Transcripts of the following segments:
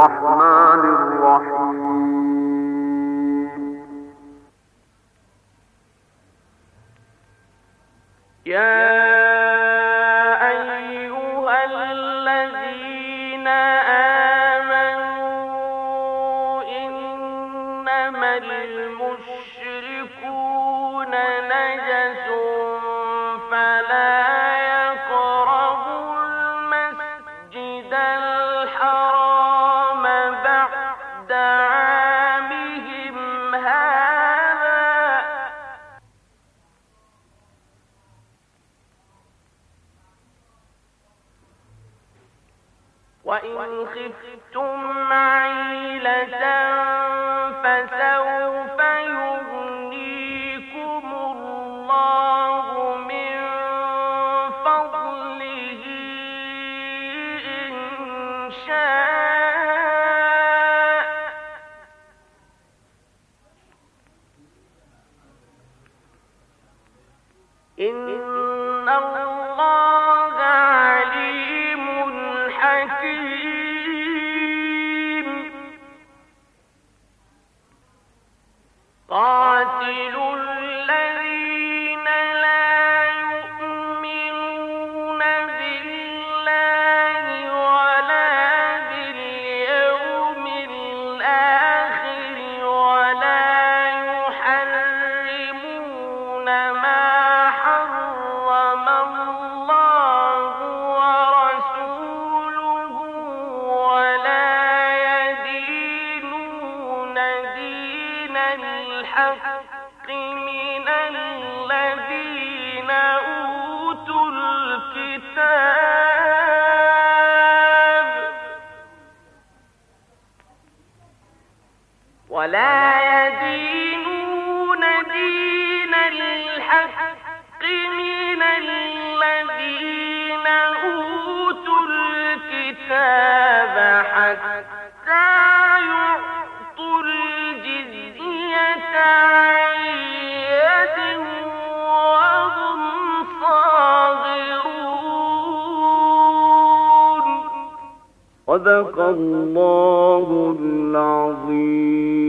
الرحمن الرحيم يا ولا يدينون دين الحق من الذين أوتوا الكتاب حتى يعطوا الجزية عن يد وهم صادرون صدق الله العظيم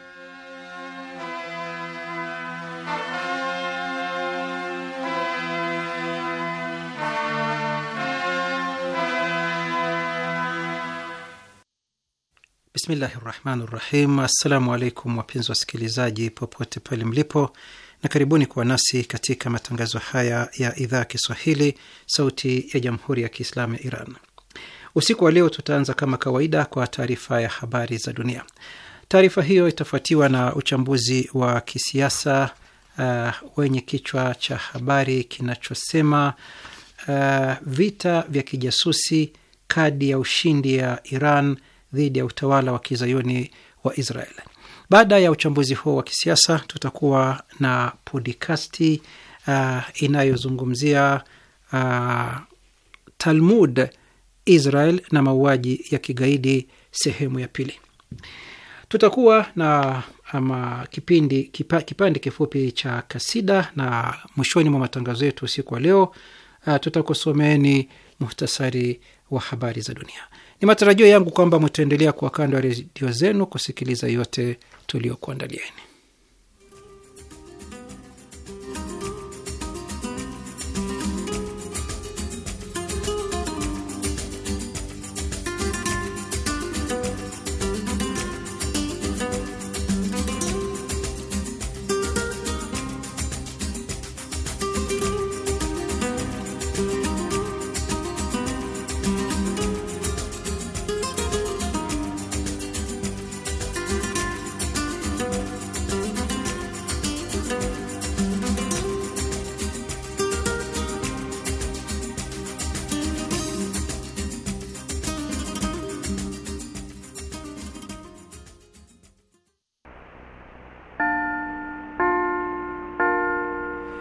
Bismillahi rahmani rahim. Assalamu alaikum wapenzi wasikilizaji popote pale mlipo, na karibuni kuwa nasi katika matangazo haya ya idhaa ya Kiswahili sauti ya jamhuri ya Kiislamu ya Iran. Usiku wa leo tutaanza kama kawaida kwa taarifa ya habari za dunia. Taarifa hiyo itafuatiwa na uchambuzi wa kisiasa uh, wenye kichwa cha habari kinachosema uh, vita vya kijasusi, kadi ya ushindi ya Iran dhidi ya utawala wa kizayuni wa Israel. Baada ya uchambuzi huo wa kisiasa, tutakuwa na podikasti uh, inayozungumzia uh, Talmud Israel na mauaji ya kigaidi sehemu ya pili. Tutakuwa na ama kipindi kipa, kipande kifupi cha kasida na mwishoni mwa matangazo yetu usiku wa leo uh, tutakusomeeni muhtasari wa habari za dunia. Ni matarajio yangu kwamba mtaendelea kuwa kando ya redio zenu kusikiliza yote tuliokuandalieni.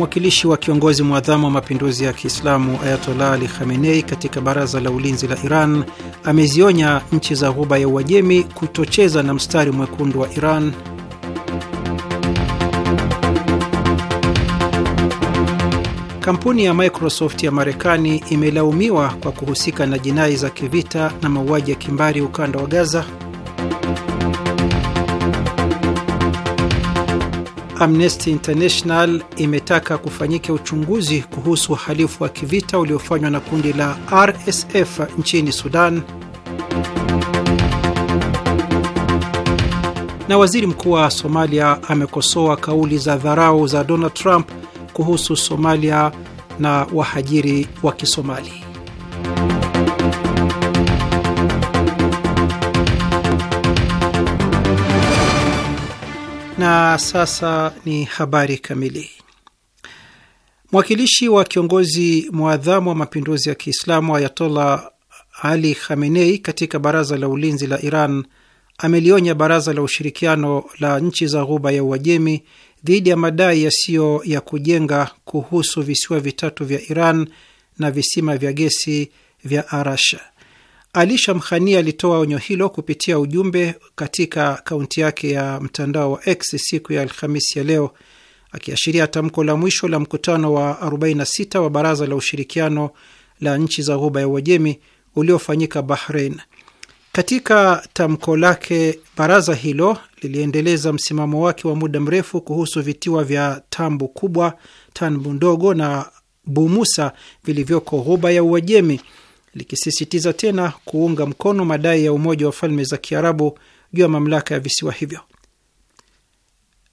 mwakilishi wa kiongozi mwadhamu wa mapinduzi ya Kiislamu Ayatollah Ali Khamenei katika baraza la ulinzi la Iran amezionya nchi za Ghuba ya Uajemi kutocheza na mstari mwekundu wa Iran. Kampuni ya Microsoft ya Marekani imelaumiwa kwa kuhusika na jinai za kivita na mauaji ya kimbari ukanda wa Gaza. Amnesty International imetaka kufanyika uchunguzi kuhusu uhalifu wa kivita uliofanywa na kundi la RSF nchini Sudan, na waziri mkuu wa Somalia amekosoa kauli za dharau za Donald Trump kuhusu Somalia na wahajiri wa Kisomali. Na sasa ni habari kamili. Mwakilishi wa kiongozi mwadhamu wa mapinduzi ya Kiislamu Ayatollah Ali Khamenei katika baraza la ulinzi la Iran amelionya baraza la ushirikiano la nchi za Ghuba ya Uajemi dhidi ya madai yasiyo ya kujenga kuhusu visiwa vitatu vya Iran na visima vya gesi vya Arasha. Alisha Mkhania alitoa onyo hilo kupitia ujumbe katika akaunti yake ya mtandao wa X siku ya Alhamisi ya leo, akiashiria tamko la mwisho la mkutano wa 46 wa Baraza la Ushirikiano la Nchi za Ghuba ya Uajemi uliofanyika Bahrain. Katika tamko lake, baraza hilo liliendeleza msimamo wake wa muda mrefu kuhusu vitiwa vya Tambu Kubwa, Tanbu Ndogo na Bumusa vilivyoko Ghuba ya Uajemi likisisitiza tena kuunga mkono madai ya Umoja wa Falme za Kiarabu juu ya mamlaka ya visiwa hivyo.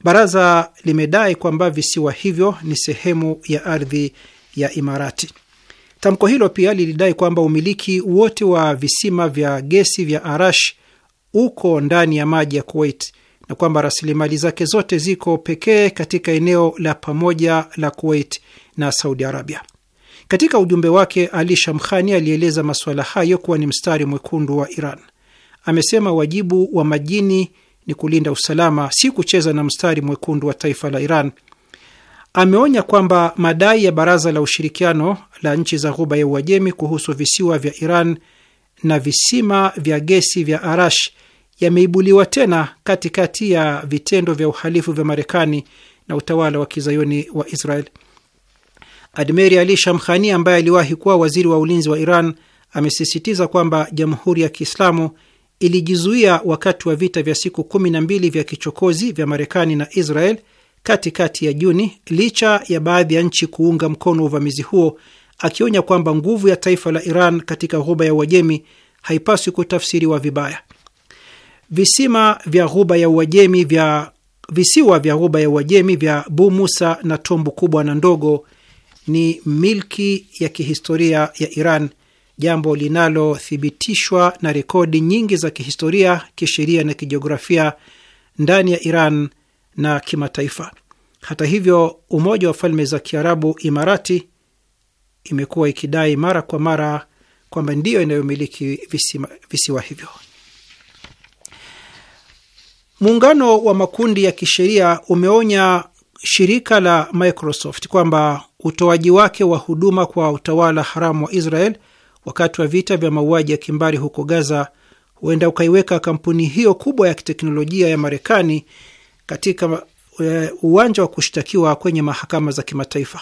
Baraza limedai kwamba visiwa hivyo ni sehemu ya ardhi ya Imarati. Tamko hilo pia lilidai kwamba umiliki wote wa visima vya gesi vya Arash uko ndani ya maji ya Kuwait na kwamba rasilimali zake zote ziko pekee katika eneo la pamoja la Kuwait na Saudi Arabia. Katika ujumbe wake, Ali Shamkhani alieleza masuala hayo kuwa ni mstari mwekundu wa Iran. Amesema wajibu wa majini ni kulinda usalama, si kucheza na mstari mwekundu wa taifa la Iran. Ameonya kwamba madai ya Baraza la Ushirikiano la Nchi za Ghuba ya Uajemi kuhusu visiwa vya Iran na visima vya gesi vya Arash yameibuliwa tena katikati ya vitendo vya uhalifu vya Marekani na utawala wa kizayoni wa Israel. Admeri Ali Shamkhani ambaye aliwahi kuwa waziri wa ulinzi wa Iran amesisitiza kwamba Jamhuri ya Kiislamu ilijizuia wakati wa vita vya siku kumi na mbili vya kichokozi vya Marekani na Israel katikati kati ya Juni, licha ya baadhi ya nchi kuunga mkono uvamizi huo, akionya kwamba nguvu ya taifa la Iran katika Ghuba ya Uajemi haipaswi kutafsiriwa vibaya. Visima vya Ghuba ya Uajemi vya visiwa vya Ghuba ya Uajemi vya Bu Musa na Tombu kubwa na ndogo ni milki ya kihistoria ya Iran, jambo linalothibitishwa na rekodi nyingi za kihistoria, kisheria na kijiografia ndani ya Iran na kimataifa. Hata hivyo, Umoja wa Falme za Kiarabu, Imarati, imekuwa ikidai mara kwa mara kwamba ndiyo inayomiliki visiwa, visiwa hivyo. Muungano wa makundi ya kisheria umeonya shirika la Microsoft kwamba utoaji wake wa huduma kwa utawala haramu wa Israel wakati wa vita vya mauaji ya kimbari huko Gaza huenda ukaiweka kampuni hiyo kubwa ya kiteknolojia ya Marekani katika eh, uwanja wa kushtakiwa kwenye mahakama za kimataifa.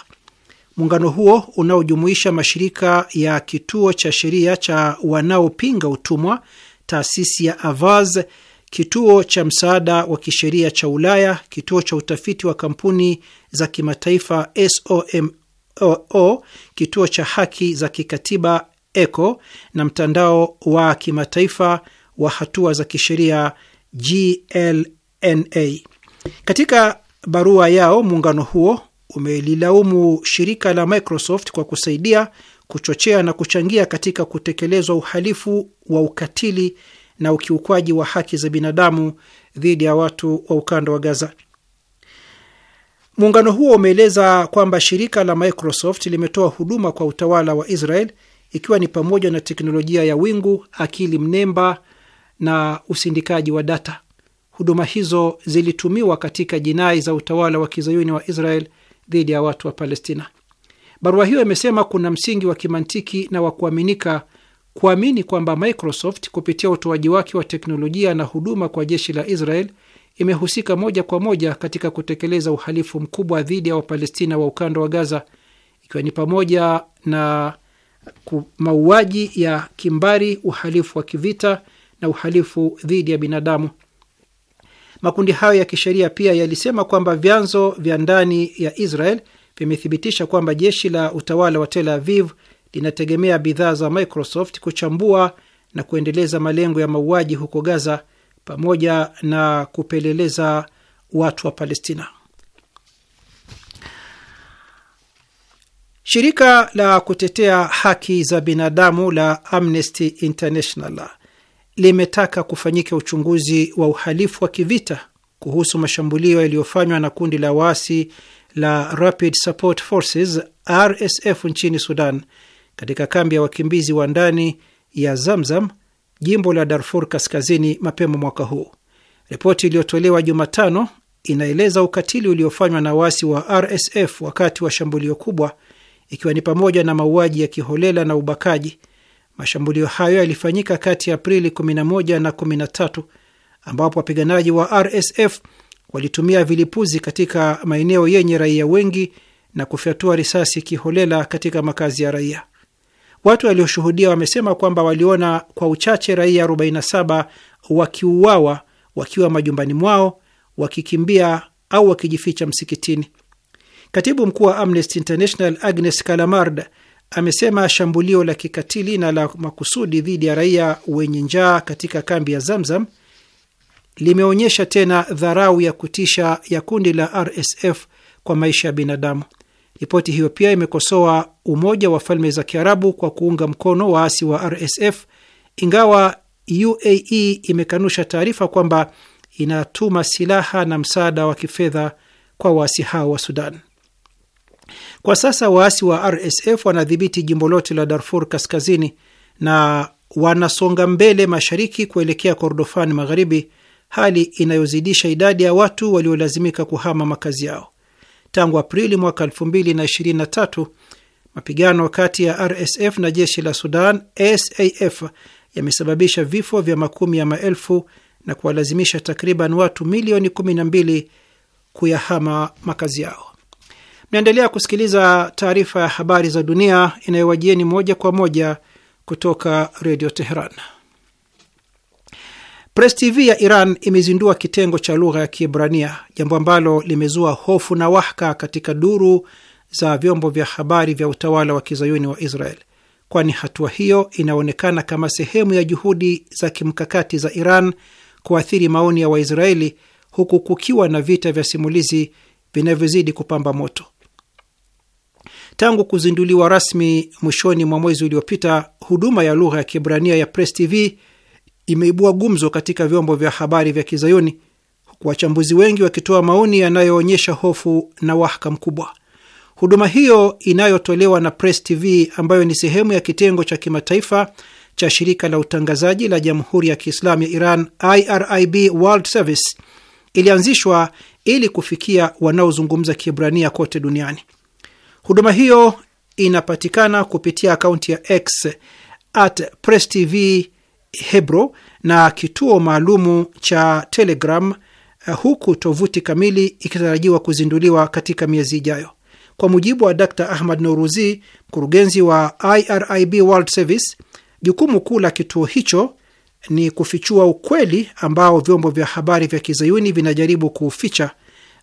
Muungano huo unaojumuisha mashirika ya kituo cha sheria cha wanaopinga utumwa, taasisi ya Avaz kituo cha msaada wa kisheria cha Ulaya, kituo cha utafiti wa kampuni za kimataifa SOMO, kituo cha haki za kikatiba ECO na mtandao wa kimataifa wa hatua za kisheria GLNA. Katika barua yao, muungano huo umelilaumu shirika la Microsoft kwa kusaidia kuchochea na kuchangia katika kutekelezwa uhalifu wa ukatili na ukiukwaji wa haki za binadamu dhidi ya watu wa ukanda wa Gaza. Muungano huo umeeleza kwamba shirika la Microsoft limetoa huduma kwa utawala wa Israel ikiwa ni pamoja na teknolojia ya wingu, akili mnemba na usindikaji wa data. Huduma hizo zilitumiwa katika jinai za utawala wa kizayuni wa Israel dhidi ya watu wa Palestina. Barua hiyo imesema kuna msingi wa kimantiki na wa kuaminika kuamini kwamba Microsoft kupitia utoaji wake wa teknolojia na huduma kwa jeshi la Israel imehusika moja kwa moja katika kutekeleza uhalifu mkubwa dhidi ya Wapalestina wa ukanda wa Gaza, ikiwa ni pamoja na mauaji ya kimbari, uhalifu wa kivita na uhalifu dhidi ya binadamu. Makundi hayo ya kisheria pia yalisema kwamba vyanzo vya ndani ya Israel vimethibitisha kwamba jeshi la utawala wa Tel Aviv linategemea bidhaa za Microsoft kuchambua na kuendeleza malengo ya mauaji huko Gaza pamoja na kupeleleza watu wa Palestina. Shirika la kutetea haki za binadamu la Amnesty International limetaka kufanyika uchunguzi wa uhalifu wa kivita kuhusu mashambulio yaliyofanywa na kundi la waasi la Rapid Support Forces RSF nchini Sudan katika kambi ya wakimbizi wa ndani ya Zamzam, jimbo la Darfur Kaskazini, mapema mwaka huu. Ripoti iliyotolewa Jumatano inaeleza ukatili uliofanywa na waasi wa RSF wakati wa shambulio kubwa, ikiwa ni pamoja na mauaji ya kiholela na ubakaji. Mashambulio hayo yalifanyika kati ya Aprili 11 na 13, ambapo wapiganaji wa RSF walitumia vilipuzi katika maeneo yenye raia wengi na kufyatua risasi kiholela katika makazi ya raia. Watu walioshuhudia wamesema kwamba waliona kwa uchache raia 47 wakiuawa wakiwa majumbani mwao, wakikimbia au wakijificha msikitini. Katibu mkuu wa Amnesty International Agnes Calamard amesema shambulio la kikatili na la makusudi dhidi ya raia wenye njaa katika kambi ya Zamzam limeonyesha tena dharau ya kutisha ya kundi la RSF kwa maisha ya binadamu. Ripoti hiyo pia imekosoa Umoja wa Falme za Kiarabu kwa kuunga mkono waasi wa RSF, ingawa UAE imekanusha taarifa kwamba inatuma silaha na msaada wa kifedha kwa waasi hao wa Sudan. Kwa sasa waasi wa RSF wanadhibiti jimbo lote la Darfur kaskazini na wanasonga mbele mashariki kuelekea Kordofani magharibi, hali inayozidisha idadi ya watu waliolazimika kuhama makazi yao tangu Aprili mwaka 2023. Mapigano kati ya RSF na jeshi la Sudan SAF yamesababisha vifo vya makumi ya maelfu na kuwalazimisha takriban watu milioni 12 kuyahama makazi yao. Mnaendelea kusikiliza taarifa ya habari za dunia inayowajieni moja kwa moja kutoka Redio Teheran. Press TV ya Iran imezindua kitengo cha lugha ya Kiebrania, jambo ambalo limezua hofu na wahaka katika duru za vyombo vya habari vya utawala wa kizayuni wa Israel, kwani hatua hiyo inaonekana kama sehemu ya juhudi za kimkakati za Iran kuathiri maoni ya Waisraeli, huku kukiwa na vita vya simulizi vinavyozidi kupamba moto. Tangu kuzinduliwa rasmi mwishoni mwa mwezi uliopita, huduma ya lugha ya Kiebrania ya Press TV imeibua gumzo katika vyombo vya habari vya Kizayuni, huku wachambuzi wengi wakitoa maoni yanayoonyesha hofu na wahaka mkubwa. Huduma hiyo inayotolewa na Press TV ambayo ni sehemu ya kitengo cha kimataifa cha shirika la utangazaji la Jamhuri ya Kiislamu ya Iran, IRIB World Service, ilianzishwa ili kufikia wanaozungumza Kiebrania kote duniani. Huduma hiyo inapatikana kupitia akaunti ya X at Press TV Hebro na kituo maalumu cha Telegram, eh, huku tovuti kamili ikitarajiwa kuzinduliwa katika miezi ijayo. Kwa mujibu wa Dr Ahmad Nouruzi, mkurugenzi wa IRIB World Service, jukumu kuu la kituo hicho ni kufichua ukweli ambao vyombo vya habari vya kizayuni vinajaribu kuuficha,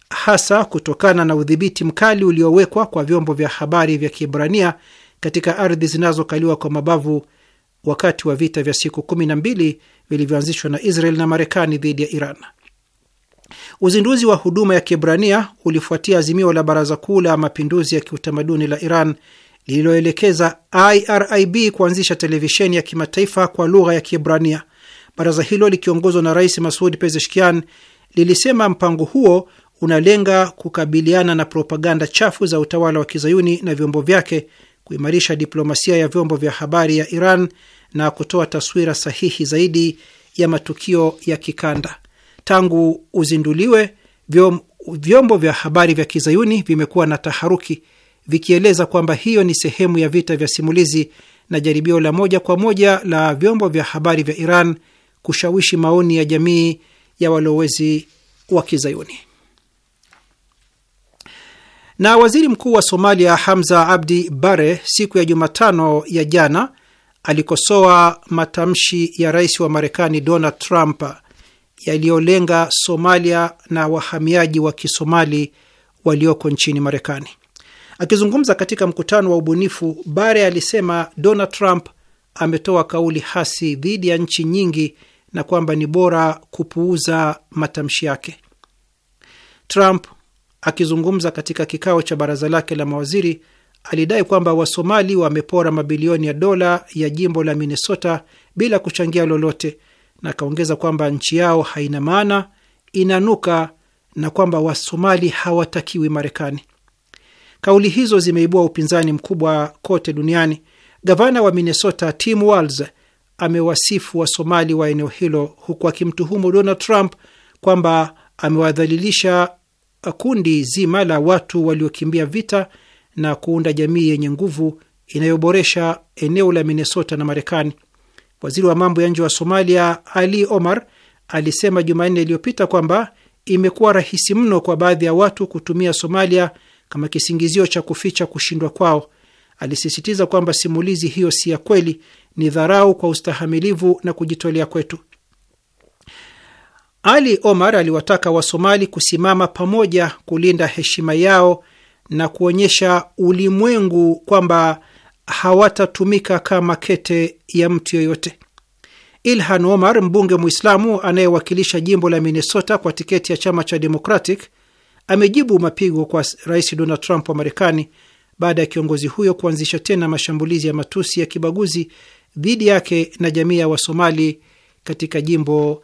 hasa kutokana na udhibiti mkali uliowekwa kwa vyombo vya habari vya Kiebrania katika ardhi zinazokaliwa kwa mabavu wakati wa vita vya siku kumi na mbili vilivyoanzishwa na Israel na Marekani dhidi ya Iran. Uzinduzi wa huduma ya kibrania ulifuatia azimio la Baraza Kuu la Mapinduzi ya Kiutamaduni la Iran lililoelekeza IRIB kuanzisha televisheni ya kimataifa kwa lugha ya kibrania Baraza hilo likiongozwa na Rais Masud Pezeshkian lilisema mpango huo unalenga kukabiliana na propaganda chafu za utawala wa kizayuni na vyombo vyake kuimarisha diplomasia ya vyombo vya habari ya Iran na kutoa taswira sahihi zaidi ya matukio ya kikanda. Tangu uzinduliwe, vyombo vya habari vya kizayuni vimekuwa na taharuki, vikieleza kwamba hiyo ni sehemu ya vita vya simulizi na jaribio la moja kwa moja la vyombo vya habari vya Iran kushawishi maoni ya jamii ya walowezi wa kizayuni. Na waziri mkuu wa Somalia Hamza Abdi Bare siku ya Jumatano ya jana alikosoa matamshi ya rais wa Marekani Donald Trump yaliyolenga Somalia na wahamiaji wa Kisomali walioko nchini Marekani. Akizungumza katika mkutano wa ubunifu, Bare alisema Donald Trump ametoa kauli hasi dhidi ya nchi nyingi na kwamba ni bora kupuuza matamshi yake. Trump akizungumza katika kikao cha baraza lake la mawaziri alidai kwamba Wasomali wamepora mabilioni ya dola ya jimbo la Minnesota bila kuchangia lolote, na akaongeza kwamba nchi yao haina maana, inanuka, na kwamba Wasomali hawatakiwi Marekani. Kauli hizo zimeibua upinzani mkubwa kote duniani. Gavana wa Minnesota Tim Walz amewasifu Wasomali wa eneo hilo huku akimtuhumu Donald Trump kwamba amewadhalilisha kundi zima la watu waliokimbia vita na kuunda jamii yenye nguvu inayoboresha eneo la Minnesota na Marekani. Waziri wa mambo ya nje wa Somalia Ali Omar alisema Jumanne iliyopita kwamba imekuwa rahisi mno kwa baadhi ya watu kutumia Somalia kama kisingizio cha kuficha kushindwa kwao. Alisisitiza kwamba simulizi hiyo si ya kweli, ni dharau kwa ustahamilivu na kujitolea kwetu. Ali Omar aliwataka Wasomali kusimama pamoja kulinda heshima yao na kuonyesha ulimwengu kwamba hawatatumika kama kete ya mtu yoyote. Ilhan Omar, mbunge Mwislamu anayewakilisha jimbo la Minnesota kwa tiketi ya chama cha Democratic, amejibu mapigo kwa Rais Donald Trump wa Marekani baada ya kiongozi huyo kuanzisha tena mashambulizi ya matusi ya kibaguzi dhidi yake na jamii ya Wasomali katika jimbo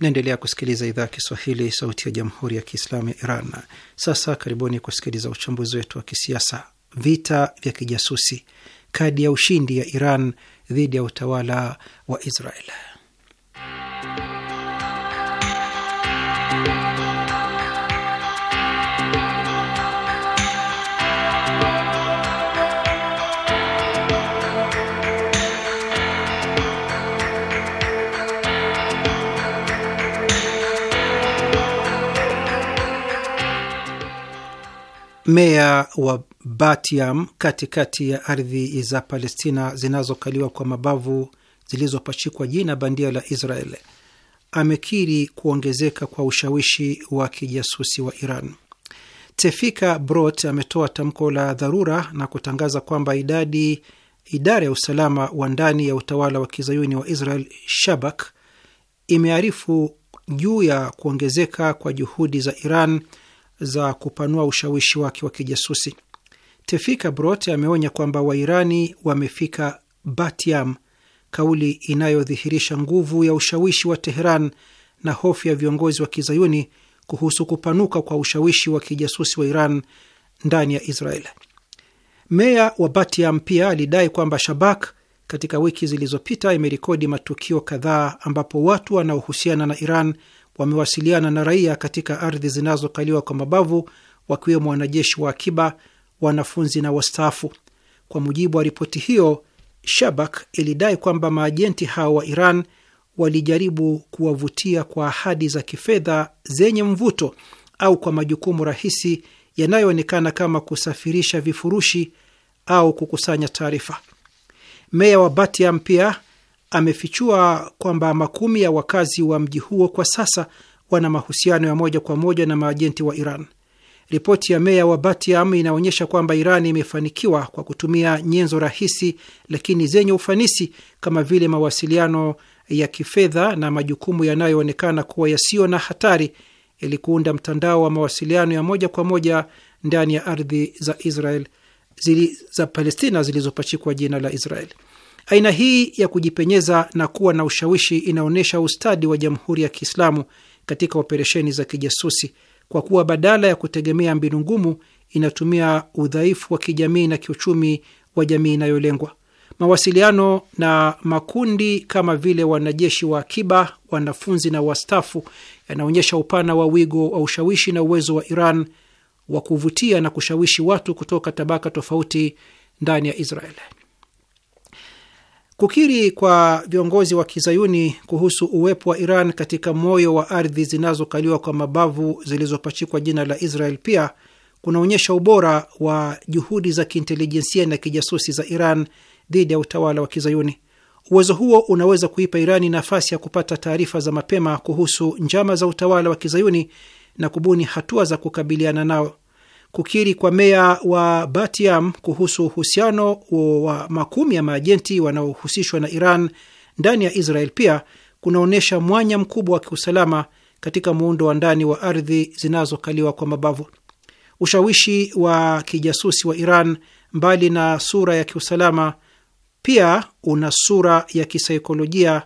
Naendelea kusikiliza idhaa ya Kiswahili, sauti ya jamhuri ya kiislamu ya Iran. Sasa karibuni kusikiliza uchambuzi wetu wa kisiasa: vita vya kijasusi, kadi ya ushindi ya Iran dhidi ya utawala wa Israel. Meya wa Batiam katikati ya ardhi za Palestina zinazokaliwa kwa mabavu zilizopachikwa jina bandia la Israel amekiri kuongezeka kwa ushawishi wa kijasusi wa Iran. Tefika Brot ametoa tamko la dharura na kutangaza kwamba idadi idara ya usalama wa ndani ya utawala wa kizayuni wa Israel Shabak imearifu juu ya kuongezeka kwa juhudi za Iran za kupanua ushawishi wake wa kijasusi. Tefika Brot ameonya kwamba Wairani wamefika Batiam, kauli inayodhihirisha nguvu ya ushawishi wa Teheran na hofu ya viongozi wa kizayuni kuhusu kupanuka kwa ushawishi wa kijasusi wa Iran ndani ya Israel. Meya wa Batiam pia alidai kwamba Shabak katika wiki zilizopita imerekodi matukio kadhaa ambapo watu wanaohusiana na Iran wamewasiliana na raia katika ardhi zinazokaliwa kwa mabavu, wakiwemo wanajeshi wa akiba, wanafunzi na wastaafu. Kwa mujibu wa ripoti hiyo, Shabak ilidai kwamba maajenti hao wa Iran walijaribu kuwavutia kwa ahadi za kifedha zenye mvuto au kwa majukumu rahisi yanayoonekana kama kusafirisha vifurushi au kukusanya taarifa. Meya wa Batiam pia amefichua kwamba makumi ya wakazi wa mji huo kwa sasa wana mahusiano ya moja kwa moja na maajenti wa Iran. Ripoti ya meya wa Batiam inaonyesha kwamba Iran imefanikiwa kwa kutumia nyenzo rahisi lakini zenye ufanisi kama vile mawasiliano ya kifedha na majukumu yanayoonekana kuwa yasiyo na hatari ili kuunda mtandao wa mawasiliano ya moja kwa moja ndani ya ardhi za Israel zili, za Palestina zilizopachikwa jina la Israeli. Aina hii ya kujipenyeza na kuwa na ushawishi inaonyesha ustadi wa Jamhuri ya Kiislamu katika operesheni za kijasusi, kwa kuwa badala ya kutegemea mbinu ngumu inatumia udhaifu wa kijamii na kiuchumi wa jamii inayolengwa. Mawasiliano na makundi kama vile wanajeshi wa akiba, wanafunzi na wastafu yanaonyesha upana wa wigo wa ushawishi na uwezo wa Iran wa kuvutia na kushawishi watu kutoka tabaka tofauti ndani ya Israeli. Kukiri kwa viongozi wa kizayuni kuhusu uwepo wa Iran katika moyo wa ardhi zinazokaliwa kwa mabavu zilizopachikwa jina la Israel pia kunaonyesha ubora wa juhudi za kiintelijensia na kijasusi za Iran dhidi ya utawala wa kizayuni. Uwezo huo unaweza kuipa Irani nafasi ya kupata taarifa za mapema kuhusu njama za utawala wa kizayuni na kubuni hatua za kukabiliana nao kukiri kwa meya wa Batiam kuhusu uhusiano wa makumi ya maajenti wanaohusishwa na Iran ndani ya Israel pia kunaonyesha mwanya mkubwa wa kiusalama katika muundo wa ndani wa ardhi zinazokaliwa kwa mabavu. Ushawishi wa kijasusi wa Iran, mbali na sura ya kiusalama, pia una sura ya kisaikolojia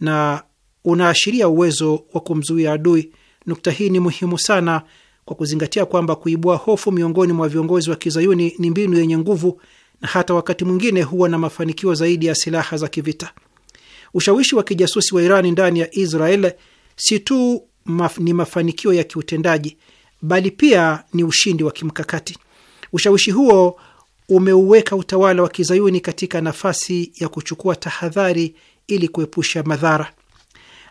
na unaashiria uwezo wa kumzuia adui. Nukta hii ni muhimu sana kwa kuzingatia kwamba kuibua hofu miongoni mwa viongozi wa kizayuni ni mbinu yenye nguvu na hata wakati mwingine huwa na mafanikio zaidi ya silaha za kivita. Ushawishi wa kijasusi wa Irani ndani ya Israel si tu maf ni mafanikio ya kiutendaji bali pia ni ushindi wa kimkakati. Ushawishi huo umeuweka utawala wa kizayuni katika nafasi ya kuchukua tahadhari ili kuepusha madhara.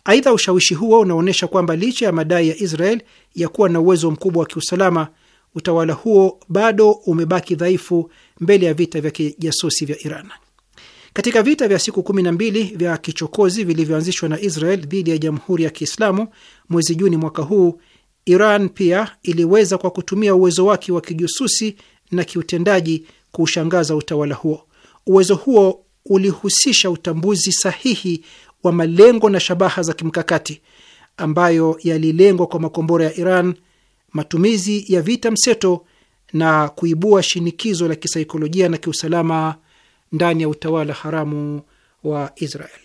Aidha, ushawishi huo unaonyesha kwamba licha ya madai ya Israel ya kuwa na uwezo mkubwa wa kiusalama, utawala huo bado umebaki dhaifu mbele ya vita vya kijasusi vya Iran. Katika vita vya siku kumi na mbili vya kichokozi vilivyoanzishwa na Israel dhidi ya Jamhuri ya Kiislamu mwezi Juni mwaka huu, Iran pia iliweza kwa kutumia uwezo wake wa kijasusi na kiutendaji kuushangaza utawala huo. Uwezo huo ulihusisha utambuzi sahihi wa malengo na shabaha za kimkakati ambayo yalilengwa kwa makombora ya Iran, matumizi ya vita mseto na kuibua shinikizo la kisaikolojia na kiusalama ndani ya utawala haramu wa Israel.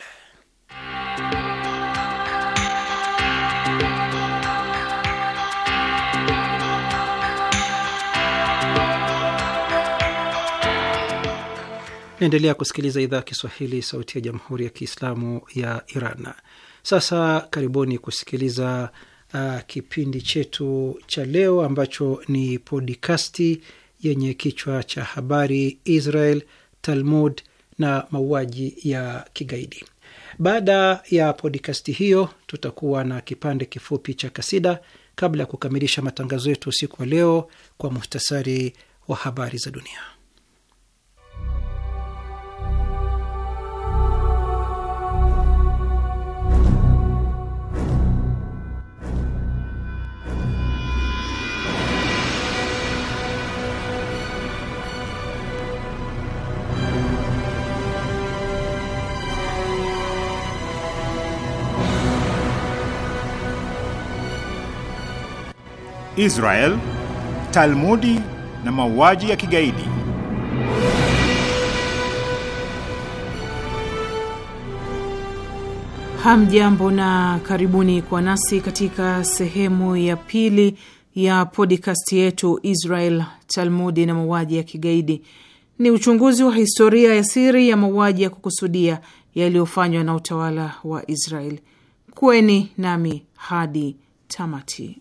Naendelea kusikiliza idhaa ya Kiswahili, sauti ya jamhuri ya kiislamu ya Iran. Sasa karibuni kusikiliza uh, kipindi chetu cha leo ambacho ni podikasti yenye kichwa cha habari Israel, Talmud na mauaji ya kigaidi. Baada ya podikasti hiyo, tutakuwa na kipande kifupi cha kasida kabla ya kukamilisha matangazo yetu usiku wa leo kwa muhtasari wa habari za dunia. Israel, Talmudi na mauaji ya kigaidi. Hamjambo na karibuni kwa nasi katika sehemu ya pili ya podcast yetu Israel, Talmudi na mauaji ya kigaidi. Ni uchunguzi wa historia ya siri ya mauaji ya kukusudia yaliyofanywa na utawala wa Israel. Kweni nami hadi tamati.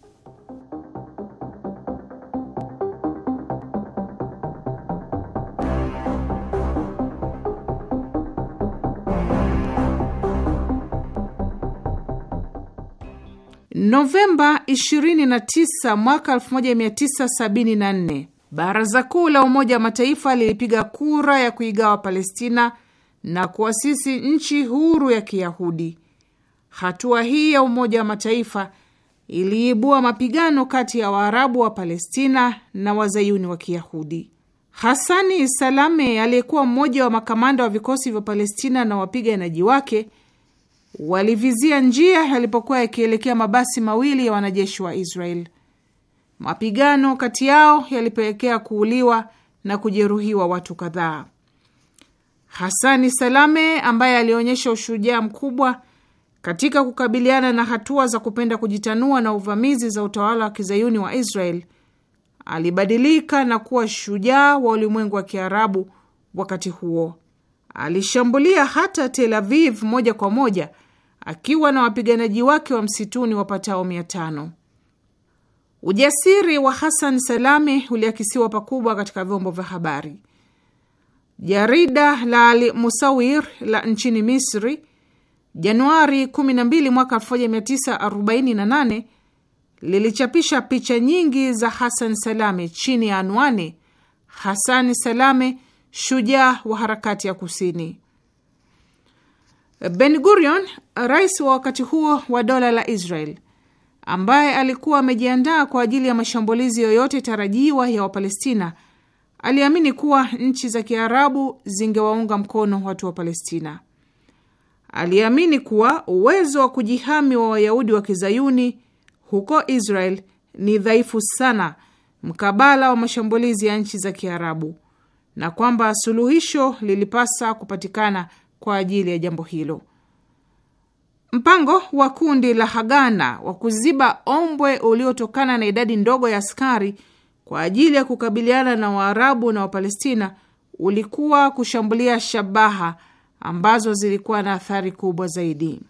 Novemba 29 mwaka 1974 Baraza Kuu la Umoja wa Mataifa lilipiga kura ya kuigawa Palestina na kuasisi nchi huru ya Kiyahudi. Hatua hii ya Umoja wa Mataifa iliibua mapigano kati ya Waarabu wa Palestina na Wazayuni wa Kiyahudi. Hasani Salame aliyekuwa mmoja wa makamanda wa vikosi vya Palestina na wapiganaji wake walivizia njia yalipokuwa yakielekea mabasi mawili ya wanajeshi wa Israel. Mapigano kati yao yalipelekea kuuliwa na kujeruhiwa watu kadhaa. Hasani Salame ambaye alionyesha ushujaa mkubwa katika kukabiliana na hatua za kupenda kujitanua na uvamizi za utawala wa kizayuni wa Israel alibadilika na kuwa shujaa wa ulimwengu wa Kiarabu. Wakati huo alishambulia hata Tel Aviv moja kwa moja akiwa na wapiganaji wake wa msituni wapatao mia tano. Ujasiri wa Hasan Salami uliakisiwa pakubwa katika vyombo vya habari. Jarida la Al Musawir la nchini Misri, Januari 12 mwaka 1948, lilichapisha picha nyingi za Hasan Salame chini ya anwani Hasan Salame, shujaa wa harakati ya Kusini. Ben Gurion, rais wa wakati huo wa dola la Israel, ambaye alikuwa amejiandaa kwa ajili ya mashambulizi yoyote tarajiwa ya Wapalestina, aliamini kuwa nchi za Kiarabu zingewaunga mkono watu wa Palestina. Aliamini kuwa uwezo wa kujihami wa Wayahudi wa Kizayuni huko Israel ni dhaifu sana mkabala wa mashambulizi ya nchi za Kiarabu na kwamba suluhisho lilipasa kupatikana kwa ajili ya jambo hilo. Mpango wa kundi la Hagana wa kuziba ombwe uliotokana na idadi ndogo ya askari kwa ajili ya kukabiliana na Waarabu na Wapalestina ulikuwa kushambulia shabaha ambazo zilikuwa na athari kubwa zaidi.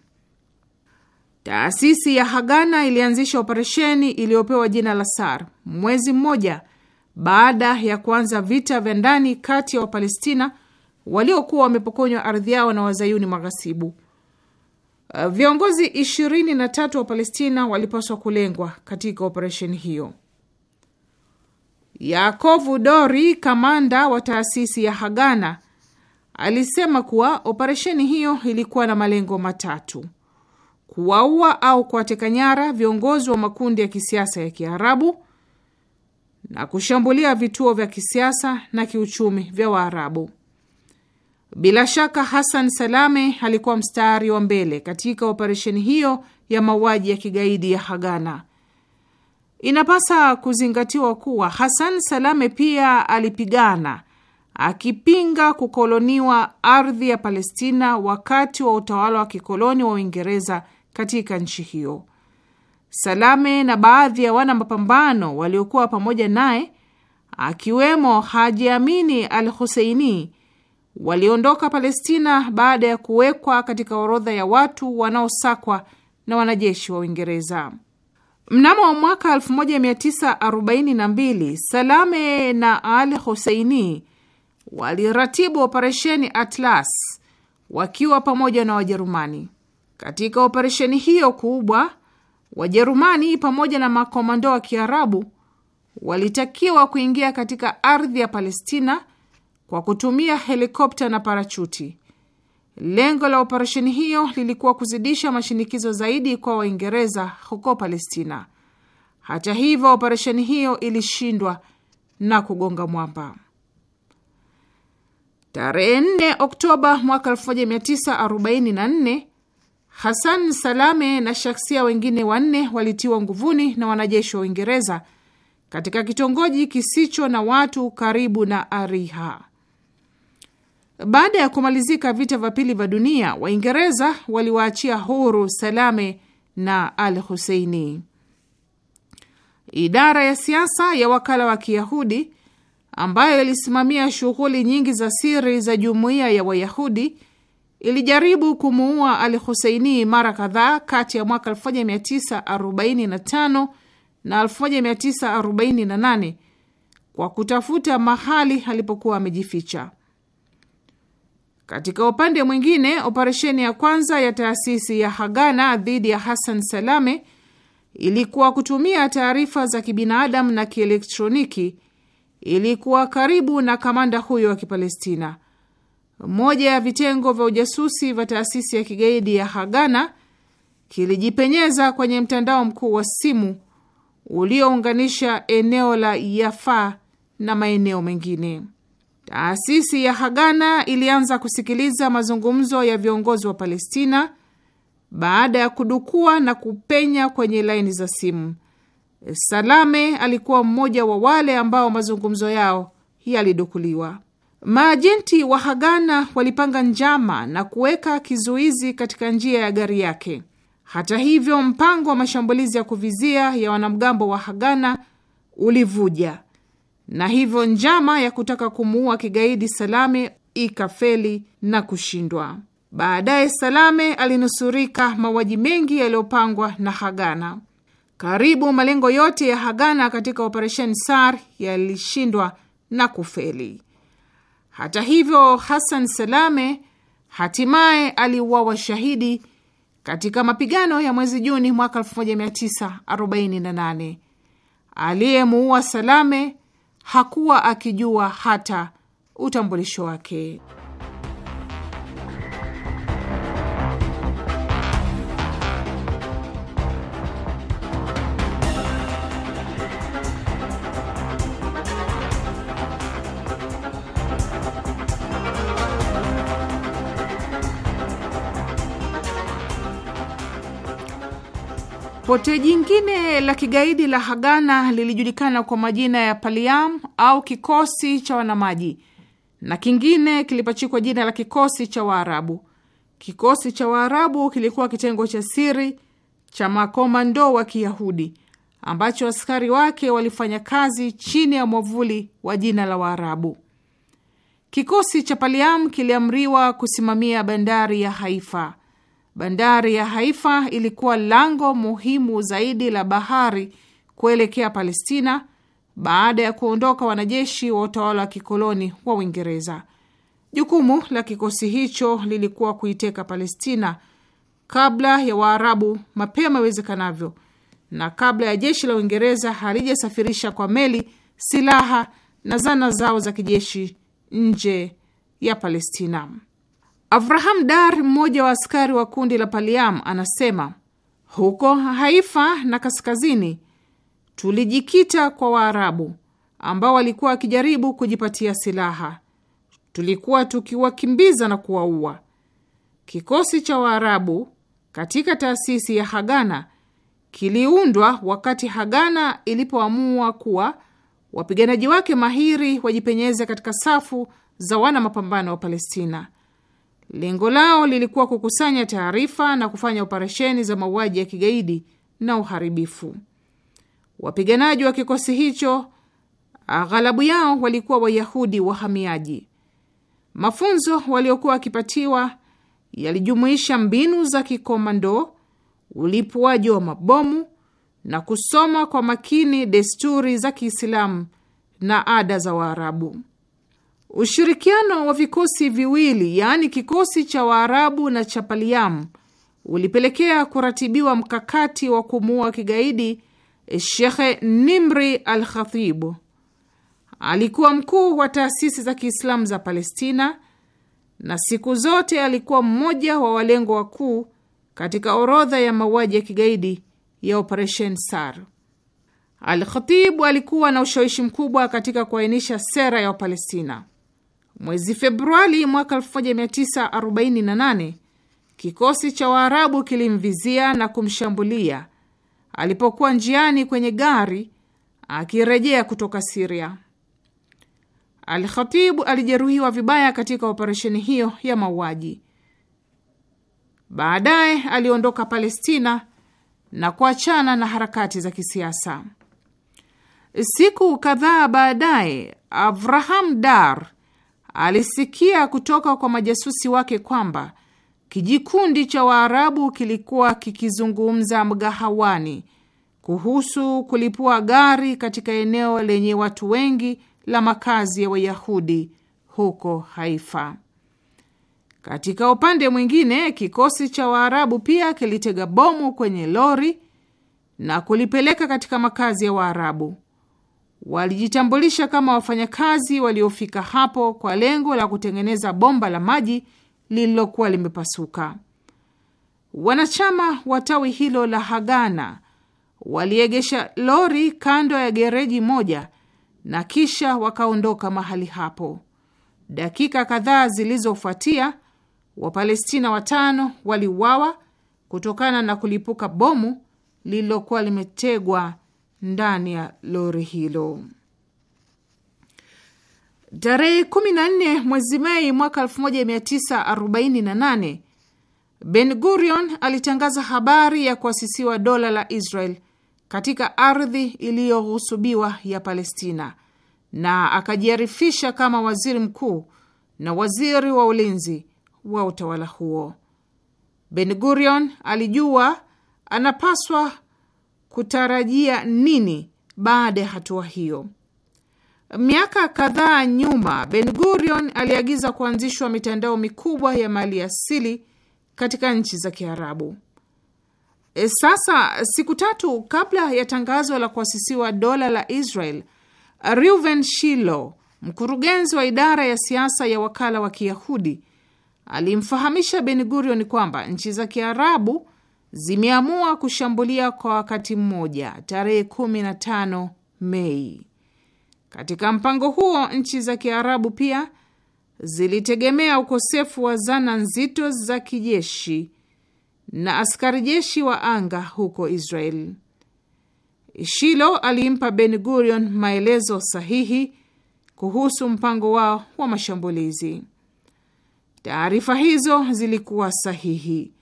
Taasisi ya Hagana ilianzisha operesheni iliyopewa jina la SAR mwezi mmoja baada ya kuanza vita vya ndani kati ya Wapalestina waliokuwa wamepokonywa ardhi yao na wazayuni maghasibu. Uh, viongozi ishirini na tatu wa Palestina walipaswa kulengwa katika operesheni hiyo. Yakovu Dori, kamanda wa taasisi ya Hagana, alisema kuwa operesheni hiyo ilikuwa na malengo matatu: kuwaua au kuwateka nyara viongozi wa makundi ya kisiasa ya Kiarabu na kushambulia vituo vya kisiasa na kiuchumi vya Waarabu. Bila shaka Hassan Salame alikuwa mstari wa mbele katika operesheni hiyo ya mauaji ya kigaidi ya Hagana. Inapasa kuzingatiwa kuwa Hassan Salame pia alipigana akipinga kukoloniwa ardhi ya Palestina wakati wa utawala wa kikoloni wa Uingereza katika nchi hiyo. Salame na baadhi ya wana mapambano waliokuwa pamoja naye akiwemo Haji Amini al Huseini waliondoka Palestina baada ya kuwekwa katika orodha ya watu wanaosakwa na wanajeshi wa Uingereza. Mnamo mwaka 1942 Salame na Al Huseini waliratibu operesheni Atlas wakiwa pamoja na Wajerumani. Katika operesheni hiyo kubwa, Wajerumani pamoja na makomando wa Kiarabu walitakiwa kuingia katika ardhi ya Palestina kwa kutumia helikopta na parachuti. Lengo la operesheni hiyo lilikuwa kuzidisha mashinikizo zaidi kwa Waingereza huko Palestina. Hata hivyo, operesheni hiyo ilishindwa na kugonga mwamba. Tarehe 4 Oktoba mwaka 1944 Hassan Salame na shaksia wengine wanne walitiwa nguvuni na wanajeshi wa Uingereza katika kitongoji kisicho na watu karibu na Ariha. Baada ya kumalizika vita vya pili vya dunia, Waingereza waliwaachia huru Salame na al Huseini. Idara ya siasa ya wakala wa Kiyahudi ambayo ilisimamia shughuli nyingi za siri za jumuiya ya Wayahudi ilijaribu kumuua al Huseini mara kadhaa kati ya mwaka 1945 na 1948 kwa kutafuta mahali alipokuwa amejificha. Katika upande mwingine, operesheni ya kwanza ya taasisi ya Hagana dhidi ya Hassan Salame ilikuwa kutumia taarifa za kibinadamu na kielektroniki. Ilikuwa karibu na kamanda huyo wa Kipalestina. Moja ya vitengo vya ujasusi vya taasisi ya kigaidi ya Hagana kilijipenyeza kwenye mtandao mkuu wa simu uliounganisha eneo la Yafa na maeneo mengine. Taasisi ya Hagana ilianza kusikiliza mazungumzo ya viongozi wa Palestina baada ya kudukua na kupenya kwenye laini za simu. Salame alikuwa mmoja wa wale ambao mazungumzo yao yalidukuliwa. Maajenti wa Hagana walipanga njama na kuweka kizuizi katika njia ya gari yake. Hata hivyo, mpango wa mashambulizi ya kuvizia ya wanamgambo wa Hagana ulivuja na hivyo njama ya kutaka kumuua kigaidi Salame ikafeli na kushindwa. Baadaye Salame alinusurika mauaji mengi yaliyopangwa na Hagana. Karibu malengo yote ya Hagana katika operesheni SAR yalishindwa na kufeli. Hata hivyo, Hassan Salame hatimaye aliuawa shahidi katika mapigano ya mwezi Juni mwaka 1948. Aliyemuua Salame hakuwa akijua hata utambulisho wake. Pote jingine la kigaidi la Hagana lilijulikana kwa majina ya Paliam au kikosi cha wanamaji, na kingine kilipachikwa jina la kikosi cha Waarabu. Kikosi cha Waarabu kilikuwa kitengo cha siri cha makomando wa Kiyahudi ambacho askari wake walifanya kazi chini ya mwavuli wa jina la Waarabu. Kikosi cha Paliam kiliamriwa kusimamia bandari ya Haifa. Bandari ya Haifa ilikuwa lango muhimu zaidi la bahari kuelekea Palestina baada ya kuondoka wanajeshi wa utawala wa kikoloni wa Uingereza. Jukumu la kikosi hicho lilikuwa kuiteka Palestina kabla ya Waarabu mapema iwezekanavyo na kabla ya jeshi la Uingereza halijasafirisha kwa meli silaha na zana zao za kijeshi nje ya Palestina. Avraham Dar, mmoja wa askari wa kundi la Paliam, anasema huko Haifa na kaskazini tulijikita kwa Waarabu ambao walikuwa wakijaribu kujipatia silaha. Tulikuwa tukiwakimbiza na kuwaua. Kikosi cha Waarabu katika taasisi ya Hagana kiliundwa wakati Hagana ilipoamua kuwa wapiganaji wake mahiri wajipenyeze katika safu za wana mapambano wa Palestina. Lengo lao lilikuwa kukusanya taarifa na kufanya operesheni za mauaji ya kigaidi na uharibifu. Wapiganaji wa kikosi hicho aghalabu yao walikuwa Wayahudi wahamiaji. Mafunzo waliokuwa wakipatiwa yalijumuisha mbinu za kikomando, ulipuaji wa mabomu na kusoma kwa makini desturi za Kiislamu na ada za Waarabu. Ushirikiano wa vikosi viwili yaani kikosi cha Waarabu na cha Paliam ulipelekea kuratibiwa mkakati wa kumuua kigaidi eh, Shekhe Nimri al Khatibu. Alikuwa mkuu wa taasisi za Kiislamu za Palestina na siku zote alikuwa mmoja wa walengo wakuu katika orodha ya mauaji ya kigaidi ya Operation Sar. Al Khatibu alikuwa na ushawishi mkubwa katika kuainisha sera ya Wapalestina. Mwezi Februari mwaka 1948 kikosi cha Waarabu kilimvizia na kumshambulia alipokuwa njiani kwenye gari akirejea kutoka Siria. Al-Khatibu alijeruhiwa vibaya katika operesheni hiyo ya mauaji. Baadaye aliondoka Palestina na kuachana na harakati za kisiasa. Siku kadhaa baadaye, Avraham Dar alisikia kutoka kwa majasusi wake kwamba kijikundi cha Waarabu kilikuwa kikizungumza mgahawani kuhusu kulipua gari katika eneo lenye watu wengi la makazi ya Wayahudi huko Haifa. Katika upande mwingine, kikosi cha Waarabu pia kilitega bomu kwenye lori na kulipeleka katika makazi ya Waarabu walijitambulisha kama wafanyakazi waliofika hapo kwa lengo la kutengeneza bomba la maji lililokuwa limepasuka. Wanachama wa tawi hilo la Hagana waliegesha lori kando ya gereji moja na kisha wakaondoka mahali hapo. Dakika kadhaa zilizofuatia, Wapalestina watano waliuawa kutokana na kulipuka bomu lililokuwa limetegwa ndani ya lori hilo. Tarehe 14 mwezi Mei mwaka 1948 Ben Gurion alitangaza habari ya kuasisiwa dola la Israel katika ardhi iliyohusubiwa ya Palestina na akajiarifisha kama waziri mkuu na waziri wa ulinzi wa utawala huo. Ben Gurion alijua anapaswa kutarajia nini baada ya hatua hiyo. Miaka kadhaa nyuma, Ben Gurion aliagiza kuanzishwa mitandao mikubwa ya mali asili katika nchi za Kiarabu. E, sasa siku tatu kabla ya tangazo la kuasisiwa dola la Israel, Reuven Shilo, mkurugenzi wa idara ya siasa ya wakala wa Kiyahudi, alimfahamisha Ben Gurion kwamba nchi za Kiarabu zimeamua kushambulia kwa wakati mmoja tarehe 15 Mei. Katika mpango huo, nchi za Kiarabu pia zilitegemea ukosefu wa zana nzito za kijeshi na askari jeshi wa anga huko Israel. Shilo alimpa Ben Gurion maelezo sahihi kuhusu mpango wao wa mashambulizi. Taarifa hizo zilikuwa sahihi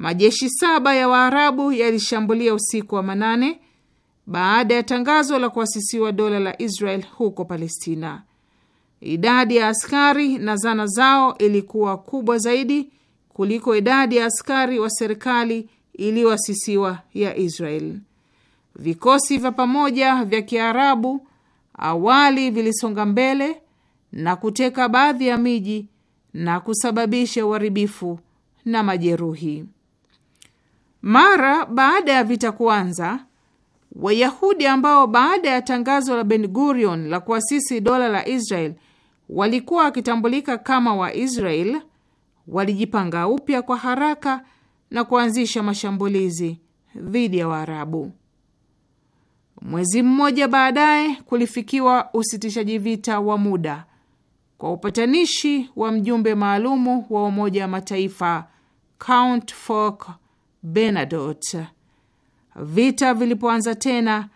majeshi saba ya Waarabu yalishambulia usiku wa manane baada ya tangazo la kuasisiwa dola la Israel huko Palestina. Idadi ya askari na zana zao ilikuwa kubwa zaidi kuliko idadi ya askari wa serikali iliyoasisiwa ya Israel. Vikosi vya pamoja vya Kiarabu awali vilisonga mbele na kuteka baadhi ya miji na kusababisha uharibifu na majeruhi. Mara baada ya vita kuanza, Wayahudi ambao baada ya tangazo la Ben Gurion la kuasisi dola la Israel walikuwa wakitambulika kama Waisrael walijipanga upya kwa haraka na kuanzisha mashambulizi dhidi ya Waarabu. Mwezi mmoja baadaye kulifikiwa usitishaji vita wa muda kwa upatanishi wa mjumbe maalumu wa Umoja wa Mataifa Count Folk Bernadotte. Vita vilipoanza tena,